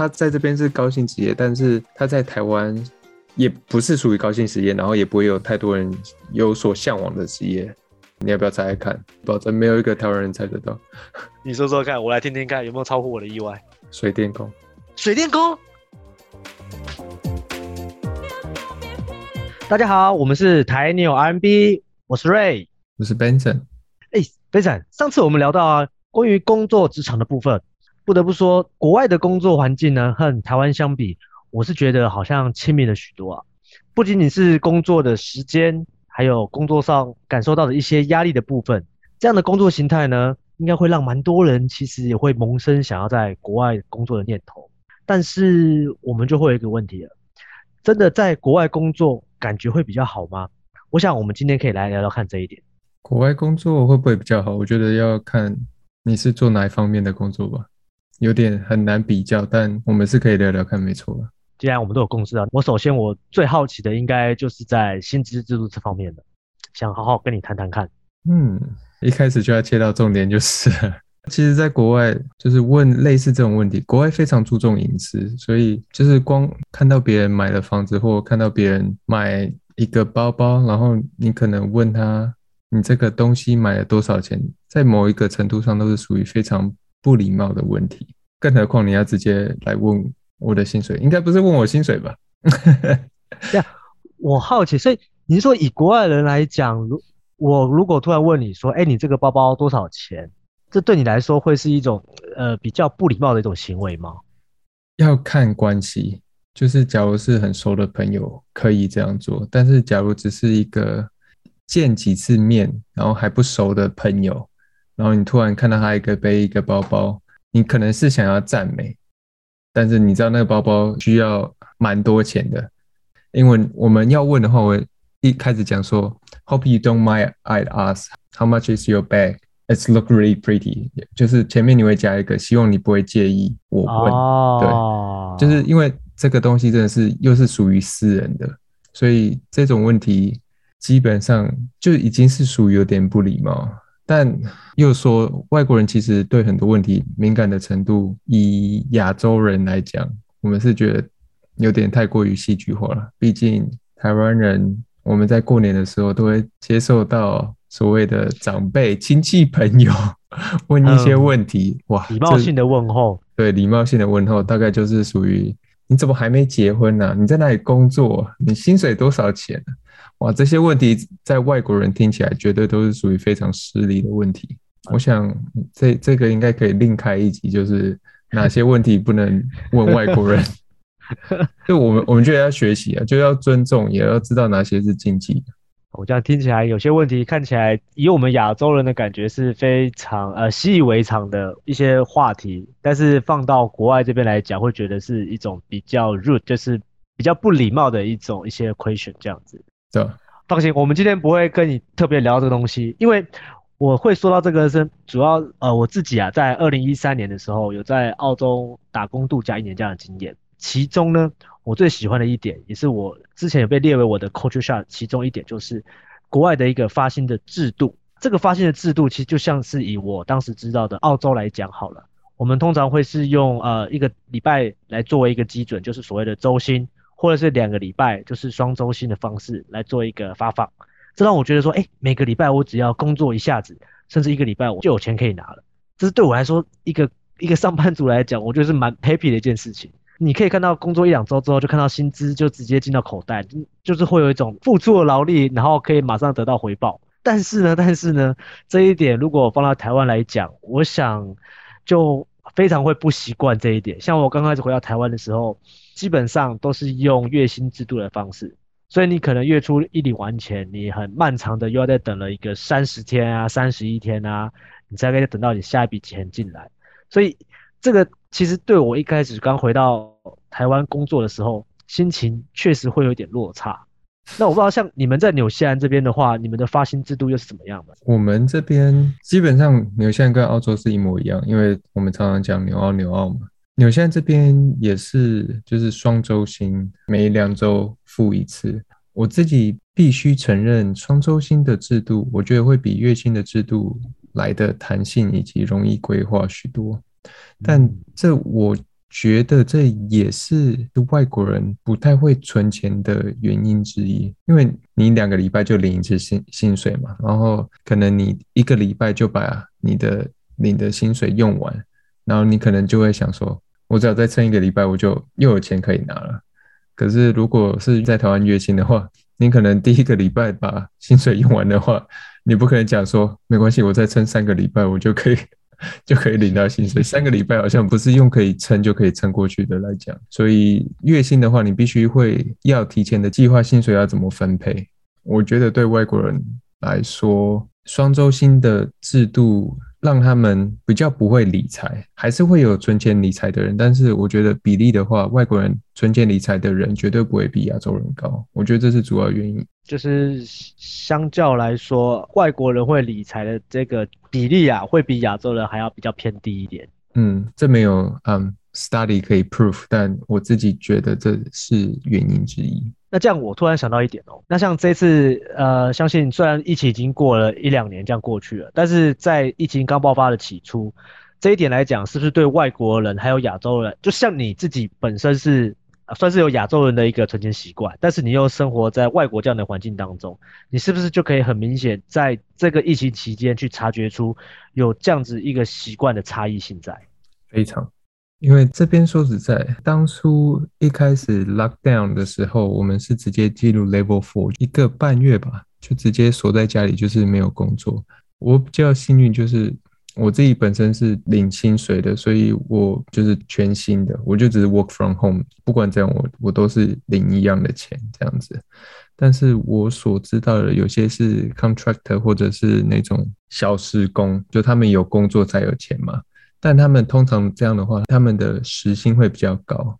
他在這邊是高薪職業，但是他在台灣也不是屬於高薪職業，然後也不會有太多人有所嚮往的職業。你要不要再看？保證沒有一個台灣人猜得到。你說說看，我來聽聽看，有沒有超乎我的意外？水電工。水電工。電工大家好，我們是台牛 RMB，我是 Ray，我是 b e n、欸、z e n 哎 b e n z e n 上次我們聊到啊，關於工作職場的部分。不得不說，國外的工作環境呢，和台灣相比，我是覺得好像親民了許多啊。不僅僅是工作的時間，還有工作上感受到的一些壓力的部分，這樣的工作形態呢，應該會讓蠻多人其實也會萌生想要在國外工作的念頭。但是我們就會有一個問題了，真的在國外工作感覺會比較好嗎？我想我們今天可以來聊聊看這一點。國外工作會不會比較好？我覺得要看你是做哪一方面的工作吧。有點很難比較，但我們是可以聊聊看。沒錯了。既然我們都有共識啊，我首先我最好奇的應該就是在薪資制度這方面的，想好好跟你談談看。嗯，一開始就要切到重點，就是其實，在國外就是問類似這種問題。國外非常注重隱私，所以就是光看到別人買了房子或看到別人買一個包包，然後你可能問他你這個東西買了多少錢，在某一個程度上都是屬於非常。不禮貌的問題，更何況你要直接來問我的薪水，應該不是問我薪水吧？這 樣我好奇，所以你是說以國外人來講，如我如果突然問你說：“哎，你這個包包多少錢？”這對你來說會是一種呃比較不禮貌的一種行為嗎？要看關係，就是假如是很熟的朋友可以這樣做，但是假如只是一個見幾次面然後還不熟的朋友。然後你突然看到他一個背一個包包，你可能是想要讚美，但是你知道那個包包需要蠻多錢的，因為我們要問的話，我一開始講說，Hope you don't mind I'd ask how much is your bag? It's look really pretty。就是前面你會加一個，希望你不會介意我問，哦，對，就是因為這個東西真的是又是屬於私人的，所以這種問題基本上就已經是屬於有點不禮貌。但又說，外國人其實對很多問題敏感的程度，以亞洲人來講，我們是覺得有點太過於戲劇化了。畢竟台灣人，我們在過年的時候都會接受到所謂的長輩、親戚、朋友問一些問題，哇，禮貌性的問候，對，禮貌性的問候，大概就是屬於你怎麼還沒結婚呢，啊？你在哪裡工作？你薪水多少錢，啊？哇，這些問題在外國人聽起來絕對都是屬於非常失禮的問題。我想這，這這個應該可以另開一集，就是哪些問題不能問外國人。 就我們，我們就要學習啊，就要尊重，也要知道哪些是禁忌。哦，這樣聽起來有些問題看起來以我們亞洲人的感覺是非常呃習以為常的一些話題，但是放到國外這邊來講，會覺得是一種比較 root，就是比較不禮貌的一種一些 question 這樣子。這放心，我們今天不會跟你特別聊這個東西，因為我會說到這個是主要呃我自己啊，在二零一三年的時候有在澳洲打工度假一年這樣的經驗，其中呢我最喜歡的一點，也是我之前有被列為我的 culture shock 其中一點，就是國外的一個發薪的制度。這個發薪的制度其實就像是以我當時知道的澳洲來講好了，我們通常會是用呃一個禮拜來作為一個基準，就是所謂的周薪，或者是兩個禮拜，就是雙週薪的方式來做一個發放，這讓我覺得說，哎、欸，每個禮拜我只要工作一下子，甚至一個禮拜我就有錢可以拿了，這是對我來說一個一個上班族來講，我覺得是蠻 happy 的一件事情。你可以看到工作一兩週之後，就看到薪資就直接進到口袋，就是會有一種付出的勞力，然後可以馬上得到回報。但是呢，但是呢，這一點如果放到台灣來講，我想就非常會不習慣這一點。像我剛開始回到台灣的時候，基本上都是用月薪制度的方式，所以你可能月初一領完錢，你很漫長的又要再等了一個三十天啊、三十一天啊，你才可以等到你下一筆錢進來。所以這個其實對我一開始剛回到台灣工作的時候，心情確實會有點落差。那我不知道，像你們在紐西蘭這邊的話，你們的發薪制度又是怎麼樣的？我們這邊基本上紐西蘭跟澳洲是一模一樣，因為我們常常講紐澳紐澳嘛。紐西蘭這邊也是，就是雙週薪，每兩周付一次。我自己必須承認，雙週薪的制度，我覺得會比月薪的制度來的彈性以及容易規劃許多。但這我覺得這也是外國人不太會存錢的原因之一，因為你兩個禮拜就領一次薪薪水嘛，然後可能你一個禮拜就把你的領的薪水用完，然後你可能就會想說。我只要再撐一個禮拜，我就又有錢可以拿了。可是，如果是在台灣月薪的話，你可能第一個禮拜把薪水用完的話，你不可能講說沒關係，我再撐三個禮拜，我就可以就可以領到薪水。三個禮拜好像不是用可以撐就可以撐過去的來講，所以月薪的話，你必須會要提前的計劃薪水要怎麼分配。我覺得對外國人來說，雙周薪的制度。讓他們比較不會理財，還是會有存錢理財的人，但是我覺得比例的話，外國人存錢理財的人絕對不會比亞洲人高，我覺得這是主要原因。就是相較來說，外國人會理財的這個比例啊，會比亞洲人還要比較偏低一點。嗯，這沒有嗯。Um, Study 可以 prove，但我自己覺得這是原因之一。那這樣我突然想到一點哦、喔，那像這次呃，相信雖然疫情已經過了一兩年這樣過去了，但是在疫情剛爆發的起初，這一點來講，是不是對外國人還有亞洲人，就像你自己本身是，呃，算是有亞洲人的一個存錢習慣，但是你又生活在外國這樣的環境當中，你是不是就可以很明顯在這個疫情期間去察覺出有這樣子一個習慣的差異性在？非常。因為這邊說實在，當初一開始 lockdown 的時候，我們是直接進入 Level Four 一個半月吧，就直接鎖在家裡，就是沒有工作。我比較幸運，就是我自己本身是領薪水的，所以我就是全薪的，我就只是 work from home。不管怎樣，我我都是領一樣的錢這樣子。但是我所知道的，有些是 contractor 或者是那種小時工，就他們有工作才有錢嘛。但他們通常這樣的話，他們的時薪會比較高，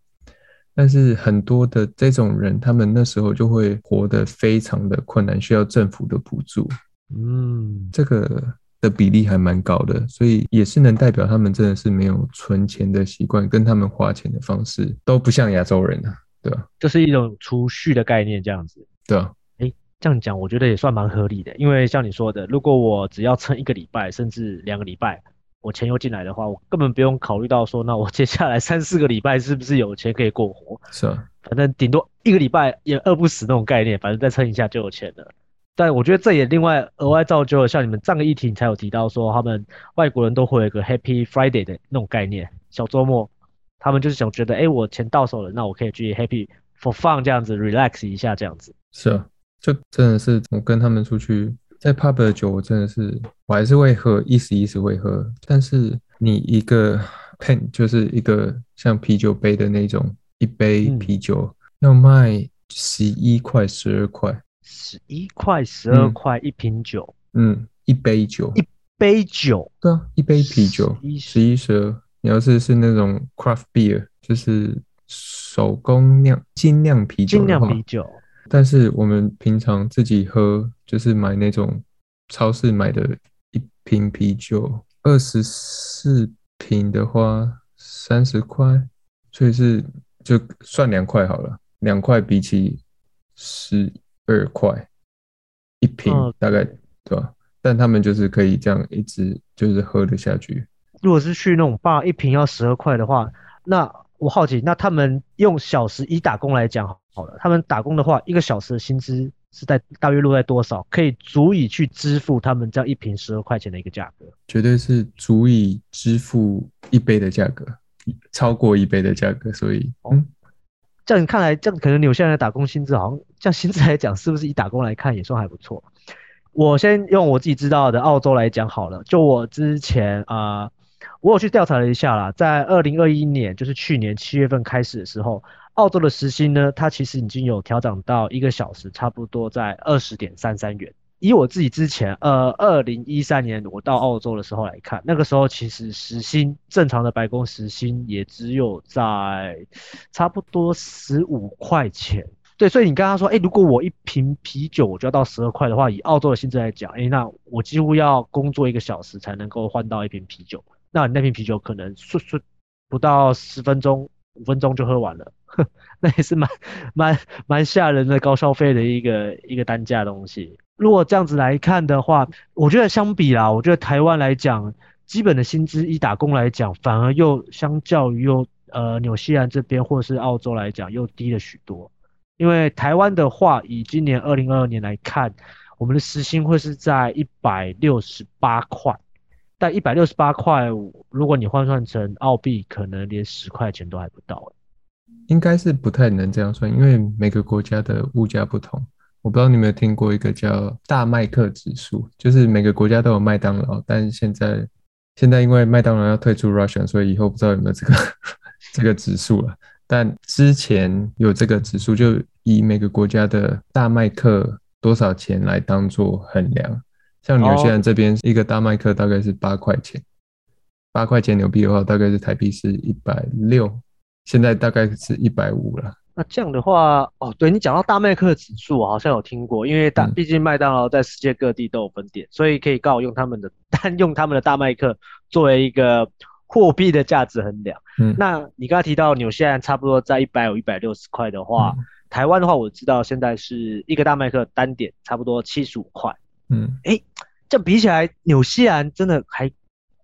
但是很多的這種人，他們那時候就會活得非常的困難，需要政府的補助。嗯，這個的比例還蠻高的，所以也是能代表他們真的是沒有存錢的習慣，跟他們花錢的方式都不像亞洲人啊，對吧？就是一種儲蓄的概念這樣子。對啊，哎、欸，這樣講我覺得也算蠻合理的，因為像你說的，如果我只要撐一個禮拜，甚至兩個禮拜。我錢又進來的話，我根本不用考慮到說，那我接下來三四個禮拜是不是有錢可以過活？是啊，反正頂多一個禮拜也餓不死那種概念，反正再撐一下就有錢了。但我覺得這也另外額外造就了、嗯，像你們上個議題你才有提到說，他們外國人都會有一個 Happy Friday 的那種概念，小周末，他們就是想覺得，哎、欸，我錢到手了，那我可以去 Happy for fun 這樣子，relax 一下這樣子。是啊，就真的是我跟他們出去。在 pub 的酒，我真的是我還是會喝，一時一時會喝。但是你一個 pen 就是一個像啤酒杯的那種，一杯啤酒，嗯、要賣十一塊、十二塊，十一塊、十二塊一瓶酒，嗯、一杯酒，嗯，一杯酒，一杯酒，對啊，一杯啤酒，十一十二。十一十二。你要是是那種 craft beer，就是手工釀、精釀啤酒，精釀啤酒。但是我們平常自己喝。就是買那種超市買的，一瓶啤酒二十四瓶的話三十塊，所以是就算兩塊好了，兩塊比起十二塊一瓶大概、嗯、對吧？但他們就是可以這樣一直就是喝得下去。如果是去那種吧，一瓶要十二塊的話，那我好奇，那他們用小時以打工來講好了，他們打工的話，一個小時的薪資。是在大約落在多少，可以足以去支付他們這樣一瓶十二塊錢的一個價格？絕對是足以支付一杯的價格，超過一杯的價格。所以，嗯、哦，這樣看來，這樣可能有些人的打工薪資好像，這樣薪資來講，是不是以打工來看也算還不錯？我先用我自己知道的澳洲來講好了。就我之前啊、呃，我有去調查了一下啦，在二零二一年，就是去年七月份開始的時候。澳洲的時薪呢？它其實已經有調漲到一個小時，差不多在二十點三三元。以我自己之前，呃，二零一三年我到澳洲的時候來看，那個時候其實時薪正常的白工時薪也只有在差不多十五塊錢。對，所以你剛剛說，哎、欸，如果我一瓶啤酒我就要到十二塊的話，以澳洲的薪資來講，哎、欸，那我幾乎要工作一個小時才能夠換到一瓶啤酒。那你那瓶啤酒可能瞬瞬不到十分鐘。五分鐘就喝完了，呵，那也是蠻蠻蠻嚇人的高消費的一個一個單價東西。如果這樣子來看的話，我覺得相比啦，我覺得台灣來講，基本的薪資一打工來講，反而又相較於又呃紐西蘭這邊或是澳洲來講又低了許多。因為台灣的話，以今年二零二二年來看，我們的時薪會是在一百六十八塊。但一百六十八塊五，如果你換算成澳幣，可能連十塊錢都還不到欸。應該是不太能這樣算，因為每個國家的物價不同。我不知道你有沒有聽過一個叫大麥克指數，就是每個國家都有麥當勞，但現在現在因為麥當勞要退出 Russia，所以以後不知道有沒有這個 這個指數了。但之前有這個指數，就以每個國家的大麥克多少錢來當做衡量。像紐西蘭這邊一個大麥克大概是八塊錢，八塊錢紐幣的話大概是台幣是一百六，現在大概是一百五了。那這樣的話，哦，對，你講到大麥克的指數，我好像有聽過，因為大畢竟麥當勞在世界各地都有分店，嗯，所以可以告好用他們的，單用他們的大麥克作為一個貨幣的價值衡量。嗯，那你剛剛提到紐西蘭差不多在一百五、一百六十塊的話，嗯、臺灣的話，我知道現在是一個大麥克單點差不多七十五塊。嗯，哎，這比起來紐西蘭真的還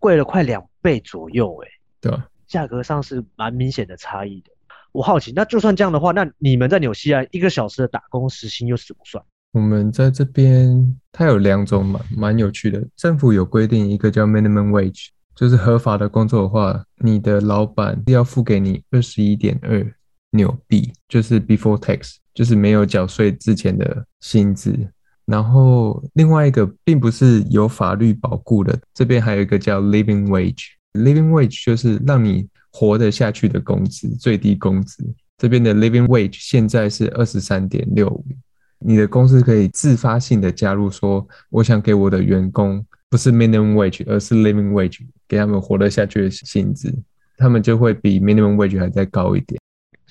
貴了快兩倍左右，哎，對吧？價格上是蠻明顯的差異的。我好奇，那就算這樣的話，那你們在紐西蘭一個小時的打工時薪又是怎麼算？我們在這邊，它有兩種蠻蠻有趣的。政府有規定，一個叫 minimum wage，就是合法的工作的話，你的老闆要付給你二十一點二紐幣，就是 before tax，就是沒有繳稅之前的薪資。然後另外一個並不是有法律保護的，這邊還有一個叫 living wage，living wage 就是讓你活得下去的工資，最低工資。這邊的 living wage 現在是二十三點六五，你的公司可以自發性的加入說，我想給我的員工不是 minimum wage，而是 living wage，給他們活得下去的薪資，他們就會比 minimum wage 還再高一點。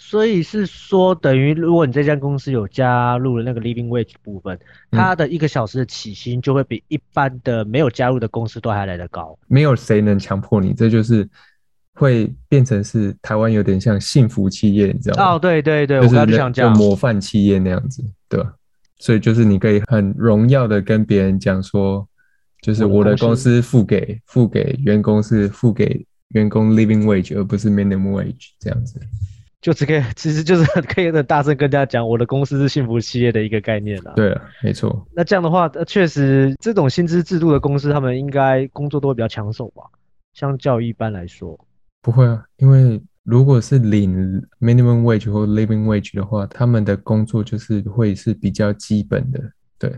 所以是說，等於如果你這家公司有加入了那個 living wage 部分，它的一個小時的起薪就會比一般的沒有加入的公司都還來得高、嗯。沒有誰能強迫你，這就是會變成是台灣有點像幸福企業，你知道嗎？哦，對對對，就是像模範企業那樣子，對。所以就是你可以很榮耀的跟別人講說，就是我的公司付給付給員工是付給員工 living wage 而不是 minimum wage 這樣子。就只可以，其實就是可以很大聲跟大家講，我的公司是幸福企業的一個概念啦、啊。對了，沒錯。那這樣的話，那確實這種薪資制度的公司，他們應該工作都會比較搶手吧？相較一般來說，不會啊，因為如果是領 minimum wage 或 living wage 的話，他們的工作就是會是比較基本的。對。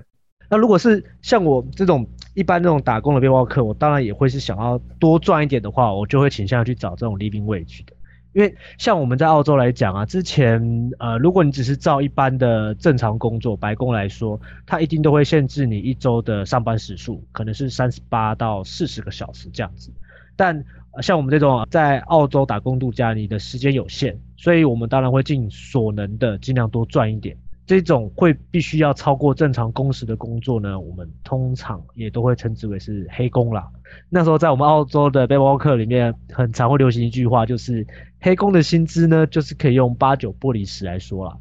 那如果是像我這種一般這種打工的背包客，我當然也會是想要多賺一點的話，我就會傾向去找這種 living wage 的。因為像我們在澳洲來講啊，之前呃，如果你只是照一般的正常工作，白工來說，他一定都會限制你一周的上班時數，可能是三十八到四十個小時這樣子。但、呃、像我們這種、呃、在澳洲打工度假，你的時間有限，所以我們當然會尽所能的盡量多賺一點。這種會必須要超過正常工時的工作呢，我們通常也都會稱之為是黑工啦，那時候在我們澳洲的背包客裡面，很常會流行一句話，就是黑工的薪資呢，就是可以用八九不離十來說啦。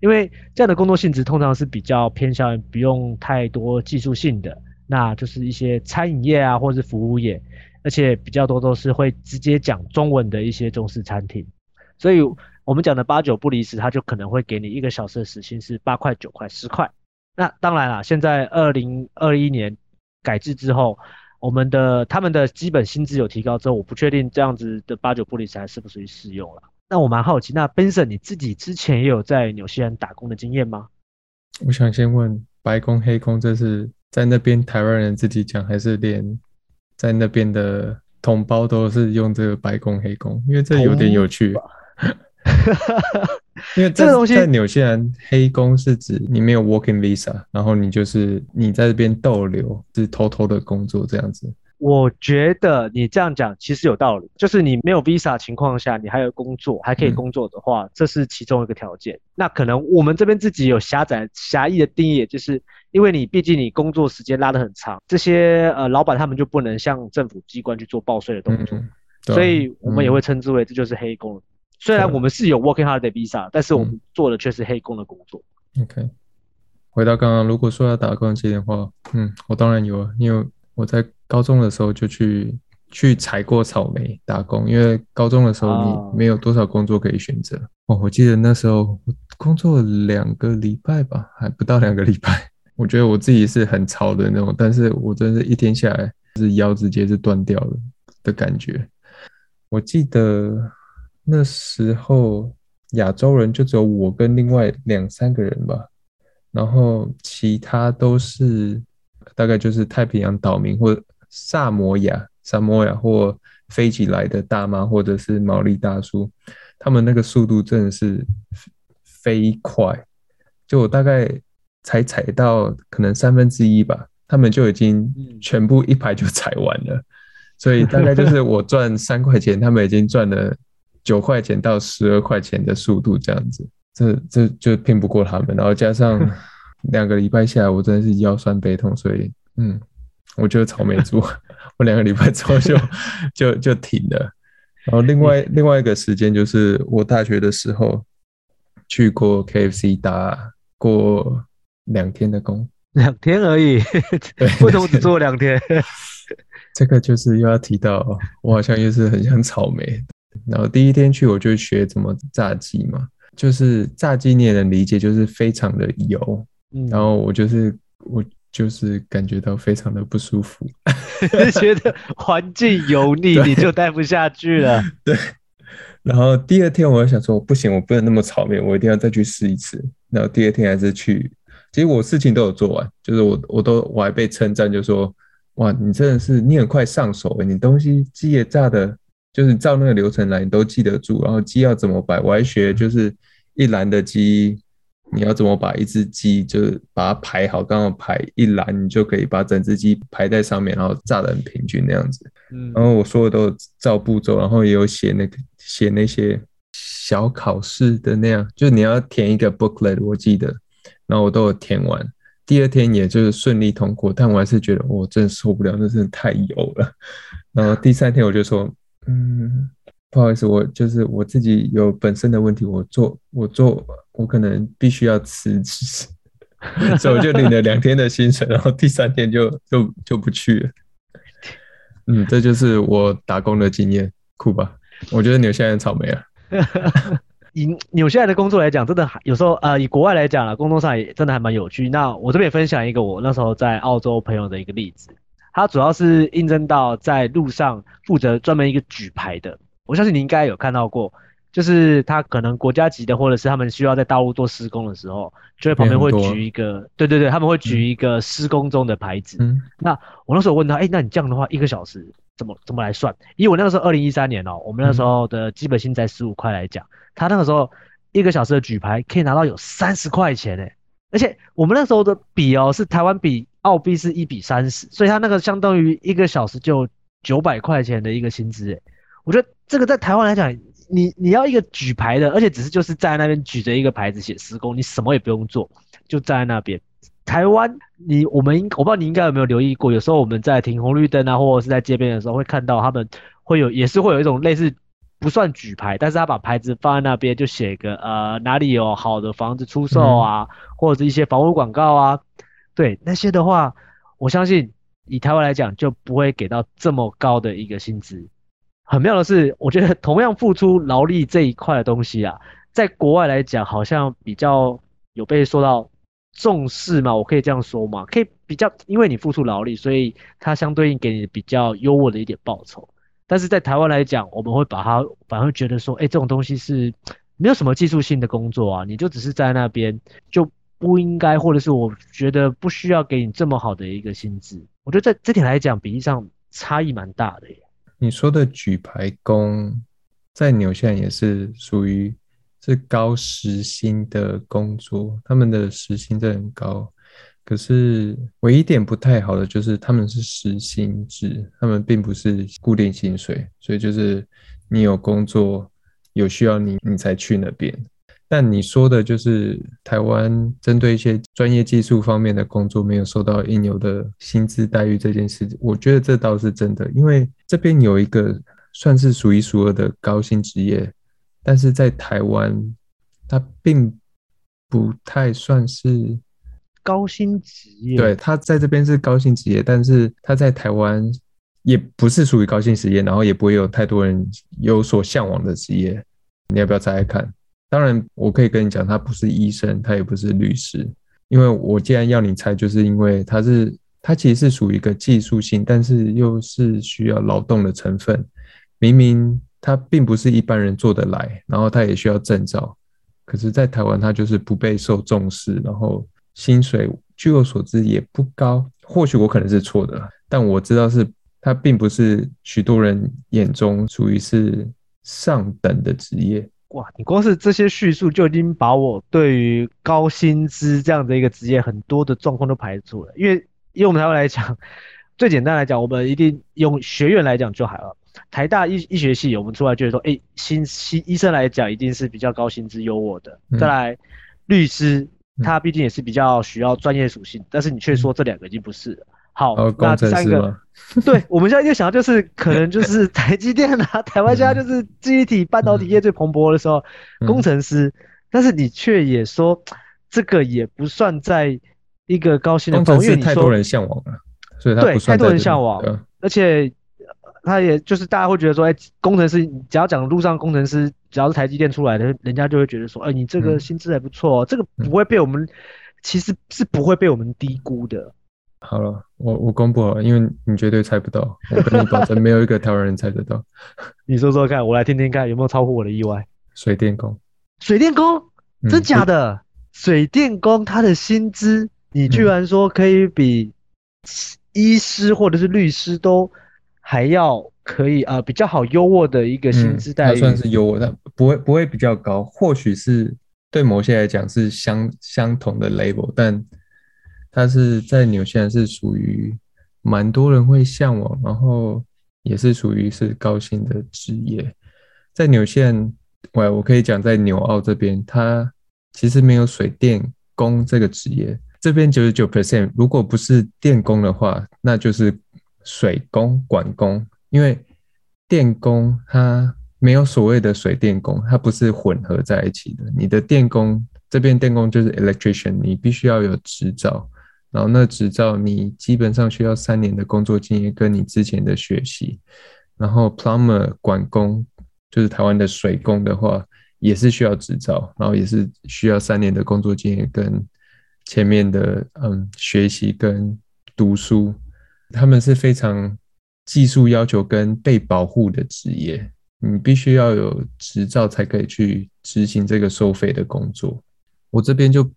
因為這樣的工作性質通常是比較偏向不用太多技術性的，那就是一些餐飲業啊，或者是服務業，而且比較多都是會直接講中文的一些中式餐廳，所以。我們講的八九不離十，他就可能會給你一個小時的時薪是八塊、九塊、十塊。那當然啦，現在二零二一年改制之後，我們的他們的基本薪資有提高之後，我不確定這樣子的八九不離十還是不是適用了。那我蠻好奇，那 Benson 你自己之前也有在紐西蘭打工的經驗嗎？我想先問白工黑工，這是在那邊台灣人自己講，還是連在那邊的同胞都是用這個白工黑工？因為這有點有趣。 因為這個東西，在紐西蘭，黑工是指你沒有 working visa，然後你就是你在這邊逗留，就是偷偷的工作這樣子。我覺得你這樣講其實有道理，就是你沒有 visa 情況下，你還有工作，還可以工作的話，嗯、這是其中一個條件。那可能我們這邊自己有狹窄狹義的定義，就是因為你畢竟你工作時間拉得很長，這些呃老闆他們就不能向政府機關去做報稅的動作，嗯、所以我們也會稱之為這就是黑工。嗯嗯雖然我們是有 working holiday visa，但是我們做的卻是黑工的工作。OK，回到剛剛，如果說要打工的話，嗯，我當然有啊，因為我在高中的時候就去去採過草莓打工，因為高中的時候你沒有多少工作可以選擇。Uh... 哦，我記得那時候我工作了兩個禮拜吧，還不到兩個禮拜，我覺得我自己是很超的那種，但是我真的是一天下來是腰直接是斷掉了的感覺。我記得。那時候亞洲人就只有我跟另外兩三個人吧，然後其他都是大概就是太平洋島民或薩摩亞、薩摩亞或斐濟來的大媽或者是毛利大叔，他們那個速度真的是飛快，就我大概才踩到可能三分之一吧，他們就已經全部一排就踩完了，所以大概就是我賺三塊錢， 他們已經賺了。九塊錢到十二塊錢的速度這樣子，這這就拼不過他們。然後加上兩個禮拜下來，我真的是腰痠背痛，所以嗯，我就草莓族。 我兩個禮拜之後就就就停了。然後另外 另外一個時間就是我大學的時候去過 KFC 打過兩天的工，兩天而已，為什麼只做兩天？ 這個就是又要提到我好像又是很像草莓。然後第一天去，我就學怎麼炸雞嘛，就是炸雞你也能理解，就是非常的油，然後我就是我就是感覺到非常的不舒服、嗯， 覺得環境油膩你就待不下去了。對，對。然後第二天我就想說不行，我不能那麼炒麵，我一定要再去試一次。然後第二天還是去，其實我事情都有做完，就是我我都我還被稱讚，就說哇你真的是你很快上手、欸，你東西雞也炸的。就是照那個流程來，你都記得住。然後雞要怎麼擺，我還學就是一欄的雞，你要怎麼把一只雞，就是把它排好，剛好排一欄，你就可以把整隻雞排在上面，然後炸的很平均那樣子。然後我說的都照步驟，然後也有寫那個寫那些小考試的那樣，就是你要填一個 booklet，我記得，然後我都有填完。第二天也就是順利通過，但我還是覺得我真的受不了，那真的太油了。然後第三天我就說。嗯，不好意思，我就是我自己有本身的問題我，我做我做我可能必須要辭職， 所以我就領了兩天的薪水，然後第三天就就就不去了。嗯，這就是我打工的經驗，酷吧？我覺得紐西蘭的草莓啊， 以紐西蘭的工作來講，真的有時候啊、呃，以國外來講啦，工作上也真的還蠻有趣。那我這邊也分享一個我那時候在澳洲朋友的一個例子。他主要是應徵到在路上負責專門一個舉牌的，我相信你應該有看到過，就是他可能國家級的，或者是他們需要在大陸做施工的時候，就在旁邊會舉一個，對對對，他們會舉一個施工中的牌子。那我那時候問他，哎，那你這樣的話，一個小時怎麼怎麼來算？因為我那個時候二零一三年哦、喔，我們那時候的基本薪才十五塊來講，他那個時候一個小時的舉牌可以拿到有三十塊錢呢、欸。而且我們那時候的比哦是台灣比澳幣是一比三十，所以它那個相當於一個小時就九百塊錢的一個薪資誒。我覺得這個在台灣來講，你你要一個舉牌的，而且只是就是站在那邊舉着一個牌子寫施工，你什麼也不用做，就站在那邊。台灣你我們我不知道你應該有沒有留意過，有時候我們在停紅綠燈啊，或者是在街邊的時候會看到他們會有也是會有一種類似。不算舉牌，但是他把牌子放在那邊，就寫個呃哪裡有好的房子出售啊，嗯、或者是一些房屋廣告啊，對那些的話，我相信以台灣來講就不會給到這麼高的一個薪資。很妙的是，我覺得同樣付出勞力這一塊的東西啊，在國外來講好像比較有被說到重視嘛，我可以這樣說嘛，可以比較，因為你付出勞力，所以它相對應給你比較優渥的一點報酬。但是在台灣來講，我們會把它反而覺得說，哎、欸，這種東西是沒有什麼技術性的工作啊，你就只是在那邊就不應該，或者是我覺得不需要給你這麼好的一個薪資。我覺得在這點來講，比例上差異蠻大的耶。你說的舉牌工，在紐西蘭也是屬於是高時薪的工作，他們的時薪都很高。可是唯一,一點不太好的就是，他們是時薪制，他們並不是固定薪水，所以就是你有工作、有需要你，你才去那邊。但你說的就是台灣針對一些專業技術方面的工作沒有受到應有的薪資待遇這件事，我覺得這倒是真的。因為這邊有一個算是數一數二的高薪職業，但是在台灣它並不太算是，高薪職業，對，他在這邊是高薪職業，但是他在台灣也不是屬於高薪職業，然後也不會有太多人有所嚮往的職業。你要不要猜猜看？當然，我可以跟你講，他不是醫生，他也不是律師，因為我既然要你猜，就是因為他是他其實是屬於一個技術性，但是又是需要勞動的成分。明明他並不是一般人做得來，然後他也需要證照，可是，在台灣他就是不被受重視，然後。薪水據我所知也不高，或許我可能是錯的，但我知道是它並不是許多人眼中屬於是上等的職業。哇，你光是這些敘述就已經把我對於高薪資這樣的一個職業很多的狀況都排除了。因為用台灣來講，最簡單來講，我們一定用學院來講就好了。台大醫醫學系，我們出來就是說，哎、欸，新新醫生來講一定是比較高薪資優渥的。再來、嗯、律師。他畢竟也是比較需要專業屬性，但是你卻說這兩個已經不是了。好，哦、那這三個，對我們現在就想到就是 可能就是台積電啊，台灣現在就是記憶體半導體業最蓬勃的時候，嗯、工程師，但是你卻也說這個也不算在一個高薪的工，因為你說太多人向往了，對，太多人向往，而且。他也就是大家會覺得說，哎、欸，工程師只要講路上工程師，只要是台積電出來的，人家就會覺得說，哎、欸，你這個薪資還不錯，喔嗯，這個不會被我們，嗯，其實是不會被我們低估的。好了，我我公布好了，因為你絕對猜不到，我跟你保證，沒有一個台灣人猜得到。 你說說看，我來聽聽看，有沒有超乎我的意外？水電工，水電工，嗯，真假的？水，水電工他的薪資，你居然說可以比醫師或者是律師都？還要可以啊，比較好優渥的一個薪資待遇，嗯，算是優渥，但不會不會比較高。或許是對某些來講是相相同的 label，但它是在紐西蘭是屬於蠻多人會嚮往，然後也是屬於是高薪的職業。在紐西蘭，我我可以講，在紐澳這邊，它其實沒有水電工這個職業。這邊九十九 percent，如果不是電工的話，那就是。水工、管工，因為電工它沒有所謂的水電工，它不是混合在一起的。你的電工這邊電工就是 electrician，你必須要有執照，然後那執照你基本上需要三年的工作經驗跟你之前的學習。然後 plumber 管工，就是台灣的水工的話，也是需要執照，然後也是需要三年的工作經驗跟前面的嗯學習跟讀書。他們是非常技術要求跟被保護的職業，你必須要有執照才可以去執行這個收費的工作。我這邊就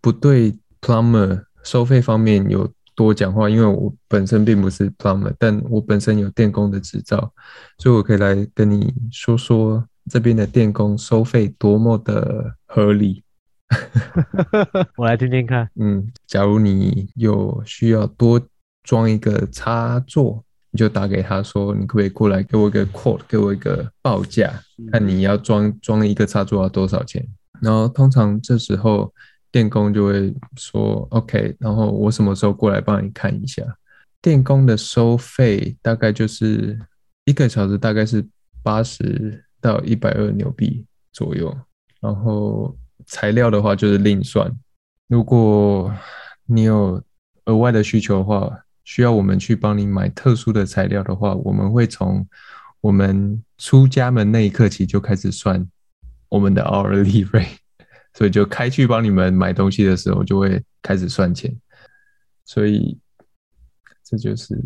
不對 plumber 收費方面有多講話，因為我本身並不是 plumber，但我本身有電工的執照，所以我可以來跟你說說這邊的電工收費多麼的合理。 我來聽聽看。嗯，假如你有需要多，裝一個插座，你就打給他說，你可不可以過來給我一個 quote，給我一個報價，看你要裝裝一個插座要多少錢。然後通常這時候電工就會說 OK，然後我什麼時候過來幫你看一下。電工的收費大概就是一個小時大概是八十到一百二紐幣左右，然後材料的話就是另算。如果你有額外的需求的話。需要我們去幫你買特殊的材料的話，我們會從我們出家門那一刻起就開始算我們的 hourly rate，所以就開去幫你們買東西的時候就會開始算錢，所以這就是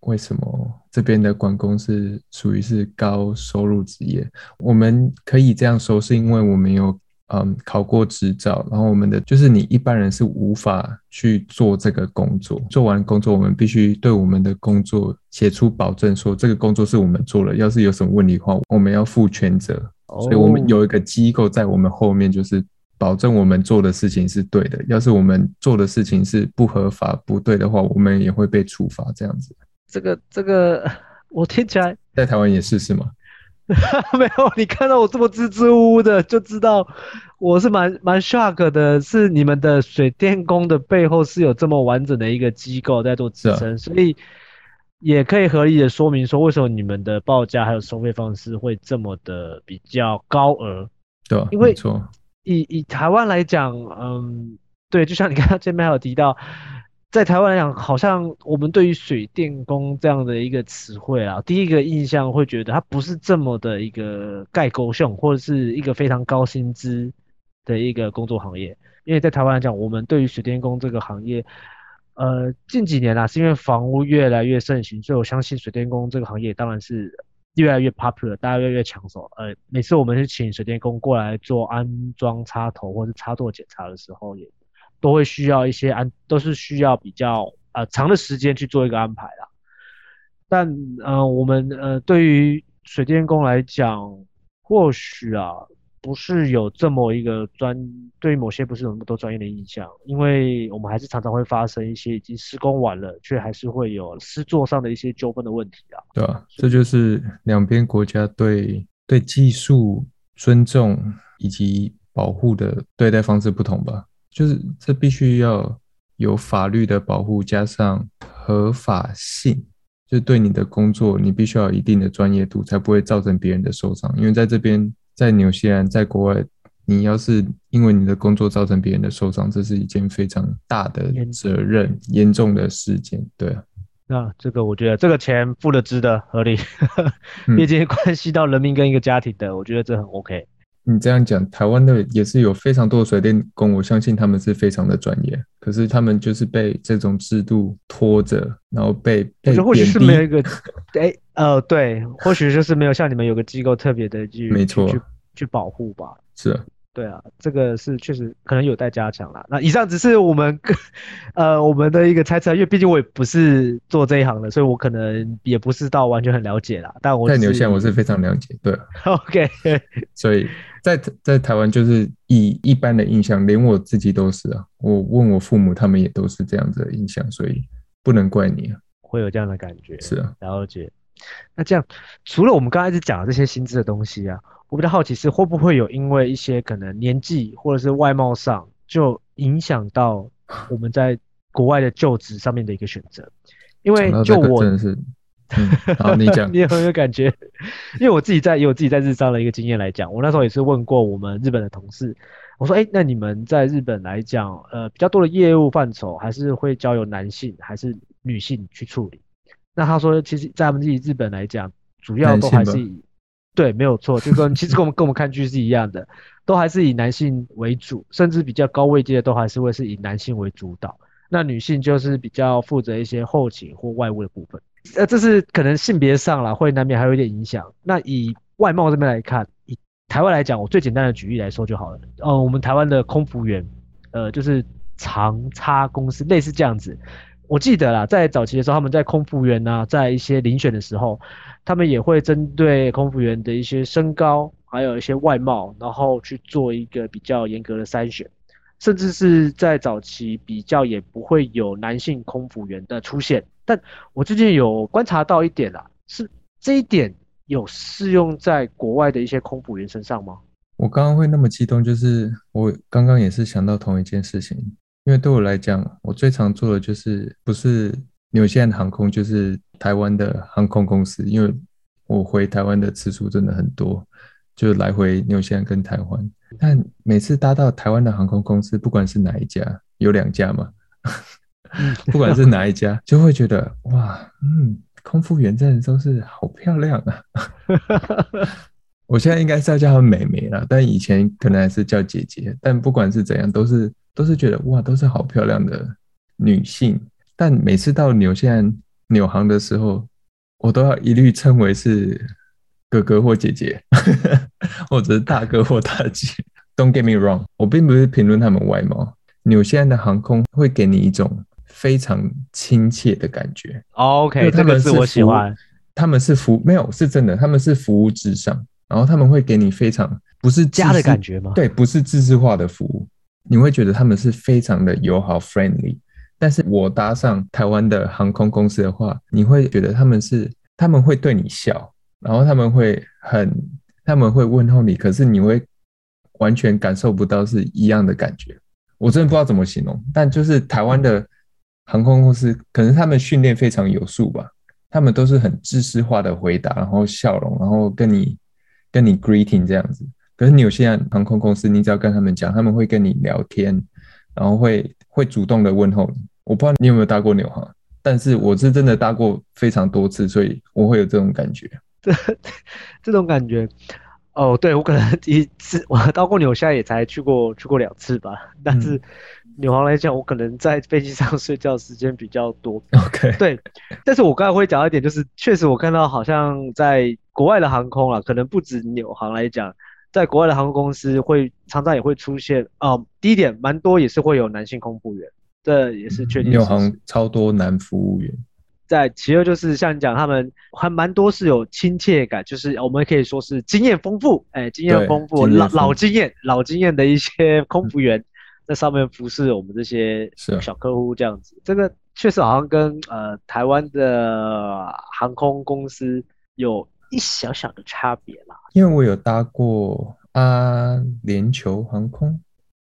為什麼這邊的管工是屬於是高收入職業。我們可以這樣說，是因為我們有。嗯，um，考過執照，然後我們的就是你一般人是無法去做這個工作。做完工作，我們必須對我們的工作寫出保證，說這個工作是我們做的，要是有什麼問題的話，我們要負全責。哦，oh。所以我們有一個機構在我們後面，就是保證我們做的事情是對的。要是我們做的事情是不合法、不對的話，我們也會被處罰。這樣子。這個這個，我聽起來在台灣也是是嗎？ 沒有，你看到我這麼支支吾吾的，就知道我是蠻蠻 shock 的。是你們的水電工的背後是有這麼完整的一個機構在做支撐，所以也可以合理的說明說，為什麼你們的報價還有收費方式會這麼的比較高額。對，因為以以，以台灣來講，嗯，對，就像你剛剛前面還有提到。在台灣來講，好像我們對於水電工這樣的一個詞彙啊，第一個印象會覺得它不是這麼的一個概括性，或者是一個非常高薪資的一個工作行業。因為在台灣來講，我們對於水電工這個行業，呃，近幾年啊，是因為房屋越來越盛行，所以我相信水電工這個行業當然是越來越 popular，大家越來越搶手。呃，每次我們去請水電工過來做安裝插頭或者插座檢查的時候，也，都會需要一些安，都是需要比較啊、呃、長的時間去做一個安排啦。但呃，我們呃對於水電工來講，或許啊不是有這麼一個專，對於某些不是有那麼多專業的印象，因為我們還是常常會發生一些已經施工完了，卻還是會有施作上的一些糾紛的問題啊。對啊，這就是兩邊國家對對技術尊重以及保護的對待方式不同吧。就是這必須要有法律的保護，加上合法性，就是對你的工作，你必須要有一定的專業度，才不會造成別人的受傷。因為在這邊，在紐西蘭，在國外，你要是因為你的工作造成別人的受傷，這是一件非常大的責任，嚴重的事件。對啊，嗯，那這個我覺得這個錢付得值得，合理， 畢竟關係到人民跟一個家庭的，我覺得這很 OK。你這樣講，台灣的也是有非常多的水電工，我相信他們是非常的專業，可是他們就是被這種制度拖着，然後被就是或許是沒有一個，哎、 欸，呃，對，或許就是沒有像你們有個機構特別的去，沒 錯，去去保護吧，是、啊，對啊，這個是確實可能有待加強啦。那以上只是我們呃我們的一個猜測，因為畢竟我也不是做這一行的，所以我可能也不是到完全很了解啦。但我是，但劉先生我是非常了解，對 ，OK， 所以。在在台灣就是以一般的印象，連我自己都是啊。我問我父母，他們也都是這樣子的印象，所以不能怪你啊，會有這樣的感覺。是啊，了解。那這樣，除了我們剛開始講的這些薪資的東西啊，我比較好奇是會不會有因為一些可能年紀或者是外貌上，就影響到我們在國外的就職上面的一個選擇？ 因為就我。嗯、好，你講， 你有沒有感覺。因為我自己在有自己在日商的一個經驗來講，我那時候也是問過我們日本的同事，我說：“誒、欸，那你們在日本來講，呃，比較多的業務範疇，還是會交由男性還是女性去處理？”那他說：“其實，在他們自己日本來講，主要都還是以……對，沒有錯，就是、跟其實跟我們跟我們看劇是一樣的， 都還是以男性為主，甚至比較高位階的都還是會是以男性為主導，那女性就是比較負責一些後勤或外務的部分。”呃，這是可能性別上了會難免還有一點影響。那以外貌這邊來看，以台灣來講，我最簡單的舉例來說就好了。呃，我們台灣的空服員，呃，就是長差公司類似這樣子。我記得啦，在早期的時候，他們在空服員啊，在一些遴選的時候，他們也會針對空服員的一些身高，還有一些外貌，然後去做一個比較嚴格的篩選。甚至是在早期比較也不會有男性空服員的出現，但我最近有觀察到一點啦，是這一點有適用在國外的一些空服員身上嗎？我剛剛會那麼激動，就是我剛剛也是想到同一件事情，因為對我來講，我最常做的就是不是紐西蘭的航空，就是台灣的航空公司，因為我回台灣的次數真的很多。就來回紐西蘭跟台灣，但每次搭到台灣的航空公司，不管是哪一家，有兩家嘛，嗯、 不管是哪一家，就會覺得哇，嗯，空服員，真都是好漂亮啊！ 我現在應該是要叫她妹妹了，但以前可能還是叫姐姐。但不管是怎樣，都是都是覺得哇，都是好漂亮的女性。但每次到紐西蘭紐航的時候，我都要一律稱為是。哥哥或姐姐，或者是大哥或大姐。Don't get me wrong，我並不是評論他們外貌。紐西蘭的航空會給你一種非常親切的感覺。Oh, OK，他們是，這個是我喜歡，他們是服沒有是真的，他們是服務至上。然後他們會給你非常不是家的感覺嗎？對，不是自治化的服務，你會覺得他們是非常的友好、friendly。但是我搭上台灣的航空公司的話，你會覺得他們是他們會對你笑。然後他們會很，他們會問候你，可是你會完全感受不到是一樣的感覺。我真的不知道怎麼形容，但就是台灣的航空公司，可能他們訓練非常有素吧，他們都是很制式化的回答，然後笑容，然後跟你跟你 greeting 這樣子。可是你有些航空公司，你只要跟他們講，他們會跟你聊天，然後會會主動的問候你。我不知道你有沒有搭過紐航，但是我是真的搭過非常多次，所以我會有這種感覺。這 這種感覺，哦，對我可能一次我到過紐西蘭也才去過去過兩次吧，嗯，但是紐航來講，我可能在飛機上睡覺時間比較多。OK，對，但是我剛才會講一點，就是確實我看到好像在國外的航空啊，可能不止紐航來講，在國外的航空公司會常常，常也會出現哦，呃，第一點蠻多也是會有男性空服員，這也是確定的。紐，嗯、航超多男服務員。在，其二就是像你講，他們還蠻多是有親切感，就是我們可以說是經驗豐富，哎，經驗豐富，老老經驗老經驗的一些空服員、嗯，在上面服侍我們這些小客戶這樣子，這個、啊、確實好像跟呃台灣的航空公司有一小小的差別啦。因為我有搭過阿聯酋航空，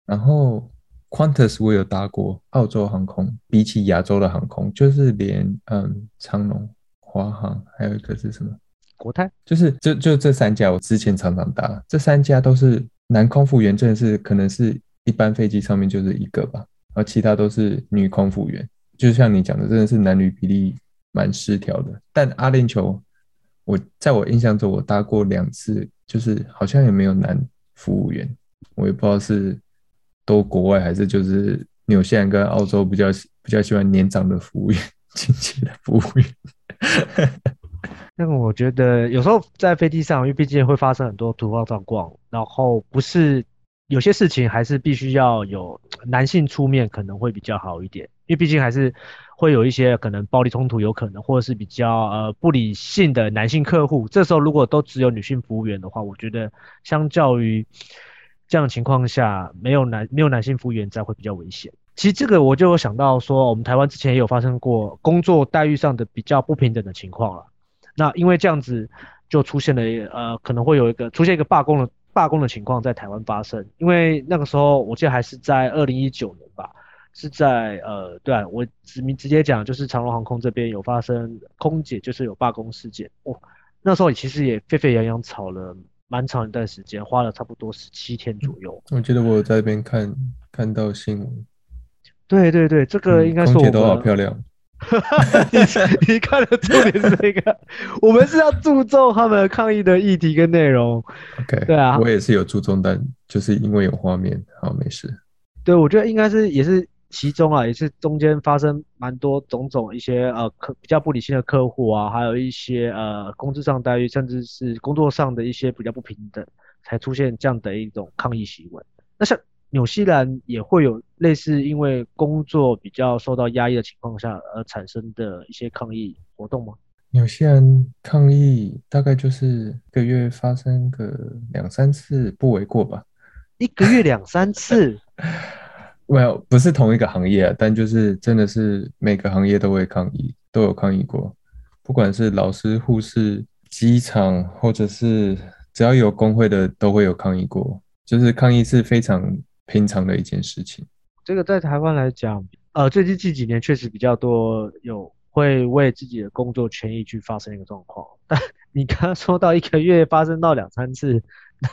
然後。Qantas 我有搭過，澳洲航空，比起亞洲的航空，就是連嗯，長榮、華航，還有一個是什麼國泰，就是就就這三家我之前常常搭，這三家都是男空服務員，真的是可能是一班飛機上面就是一個吧，而其他都是女空服務員，就像你講的，真的是男女比例蠻失調的。但阿聯酋，我在我印象中我搭過兩次，就是好像也沒有男服務員，我也不知道是。都國外還是就是紐西蘭跟澳洲比較比較喜歡年長的服務員，親切的服務員。 那個我覺得有時候在飛機上，因為畢竟會發生很多突發狀況，然後不是有些事情還是必須要有男性出面，可能會比較好一點。因為畢竟還是會有一些可能暴力衝突有可能，或者是比較呃不理性的男性客戶。這時候如果都只有女性服務員的話，我覺得相較於。這樣的情況下，沒有男沒有男性服務員在會比較危險。其實這個我就有想到說，我們台灣之前也有發生過工作待遇上的比較不平等的情況了。那因為這樣子，就出現了呃，可能會有一個出現一個罷工的罷工的情況在台灣發生。因為那個時候我記得還是在二零一九年吧，是在呃、對、啊，我指名直接講就是長榮航空這邊有發生空姐就是有罷工事件。哦，那時候也其實也沸沸揚揚吵了蠻長一段時間，花了差不多十七天左右。我覺得我在那邊看看到新聞，對對對，這個應該是。我、嗯、高鐵都好漂亮。 你你看的特別是那、這個， 我們是要注重他們抗議的議題跟內容。Okay, 對啊，我也是有注重，但就是因為有畫面，好沒事。對，我覺得應該是也是。其中啊，也是中間發生蠻多種種一些呃客比較不理性的客戶啊，還有一些呃工資上待遇，甚至是工作上的一些比較不平等，才出現這樣的一種抗議行為。那像紐西蘭也會有類似因為工作比較受到壓抑的情況下而產生的一些抗議活動嗎？紐西蘭抗議大概就是一個月發生個兩三次不為過吧？一個月兩三次。 Well，不是同一個行業啊，但就是真的是每個行業都會抗議，都有抗議過。不管是老師、護士、機場，或者是只要有工會的，都會有抗議過。就是抗議是非常平常的一件事情。這個在台灣來講，呃，最近近幾年確實比較多有會為自己的工作權益去發生一個狀況。但你剛剛說到一個月發生到兩三次，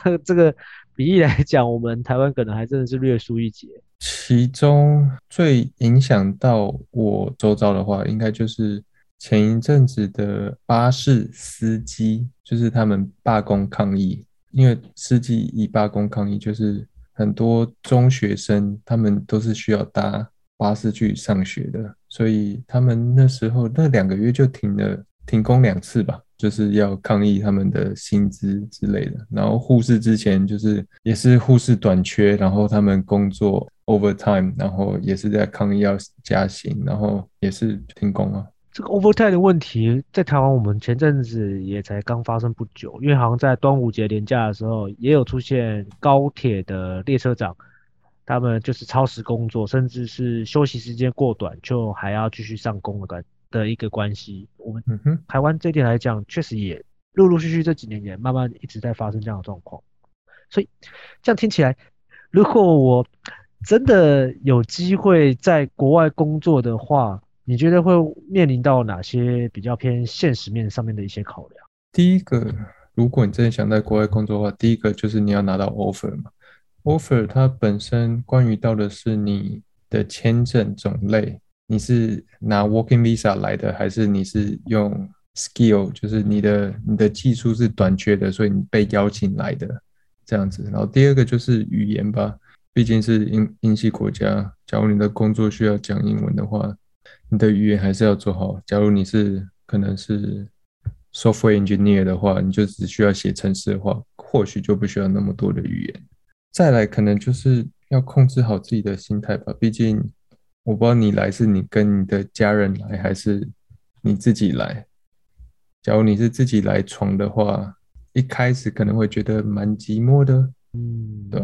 那這個。比例來講，我們台灣，可能還真的是略輸一截。其中最影響到我周遭的話，應該就是前一陣子的巴士司機，就是他們罷工抗議。因為司機一罷工抗議，就是很多中學生他們都是需要搭巴士去上學的，所以他們那時候那兩個月就停了，停工兩次吧。就是要抗議他們的薪資之類的，然後護士之前就是也是護士短缺，然後他們工作 overtime，然後也是在抗議要加薪，然後也是停工啊。這個 overtime 的問題在台灣，我們前陣子也才剛發生不久，因為好像在端午節連假的時候，也有出現高鐵的列車長，他們就是超時工作，甚至是休息時間過短，就還要繼續上工的感覺。的一個關係，我們台灣這點來講，嗯哼、確實也陸陸續續這幾年也慢慢一直在發生這樣的狀況。所以這樣聽起來，如果我真的有機會在國外工作的話，你覺得會面臨到哪些比較偏現實面上面的一些考量？第一個，如果你真的想在國外工作的話，第一個就是你要拿到 offer 嘛，offer 它本身關於到的是你的簽證種類。你是拿 Working Visa 來的，還是你是用 Skill？就是你的你的技術是短缺的，所以你被邀請來的這樣子。然後第二個就是語言吧，畢竟是英英系國家。假如你的工作需要講英文的話，你的語言還是要做好。假如你是可能是 Software Engineer 的話，你就只需要寫程式的話，或許就不需要那麼多的語言。再來，可能就是要控制好自己的心態吧，畢竟。我不知道你來是你跟你的家人來還是你自己來。假如你是自己來闖的話，一開始可能會覺得蠻寂寞的。嗯，對，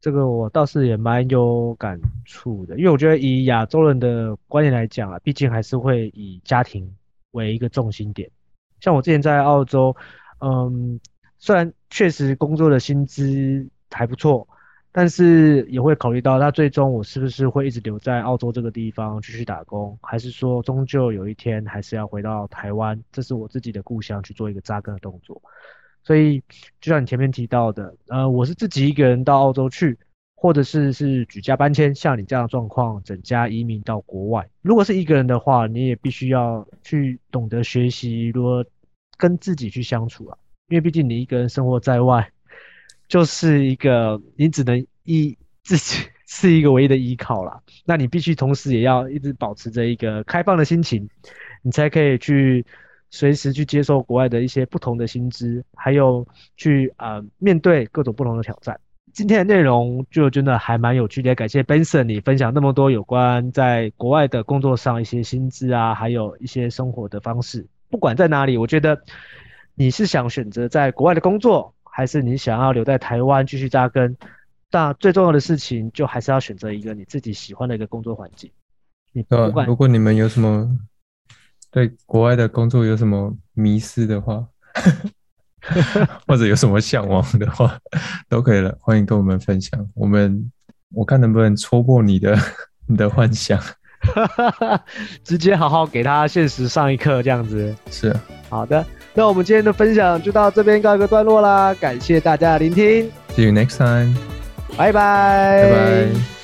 這個我倒是也蠻有感觸的，因為我覺得以亞洲人的觀念來講啊，畢竟還是會以家庭為一個重心點。像我之前在澳洲，嗯，雖然確實工作的薪資還不錯。但是也會考慮到，那最終我是不是會一直留在澳洲這個地方繼續打工，還是說終究有一天還是要回到台灣，這是我自己的故鄉，去做一個扎根的動作。所以就像你前面提到的，呃，我是自己一個人到澳洲去，或者是是舉家搬遷，像你這樣的狀況，整家移民到國外。如果是一個人的話，你也必須要去懂得學習，如何跟自己去相處啊，因為畢竟你一個人生活在外。就是一個，你只能依自己是一個唯一的依靠啦。那你必須同時也要一直保持着一個開放的心情，你才可以去隨時去接受國外的一些不同的薪資，還有去啊、呃、面對各種不同的挑戰。今天的內容就真的還蠻有趣的，感謝 Benson 你分享那麼多有關在國外的工作上一些薪資啊，還有一些生活的方式。不管在哪裡，我覺得你是想選擇在國外的工作，還是你想要留在台灣繼續扎根，但最重要的事情就還是要選擇一個你自己喜歡的一個工作環境。你不管、啊，如果你們有什麼對國外的工作有什麼迷思的話， 或者有什麼向往的話，都可以了。歡迎跟我們分享。我們我看能不能戳破你的你的幻想， 直接好好給他現實上一課，這樣子是、啊、好的。那我們今天的分享就到這邊告一個段落啦，感謝大家的聆聽，See you next time，bye bye，拜拜。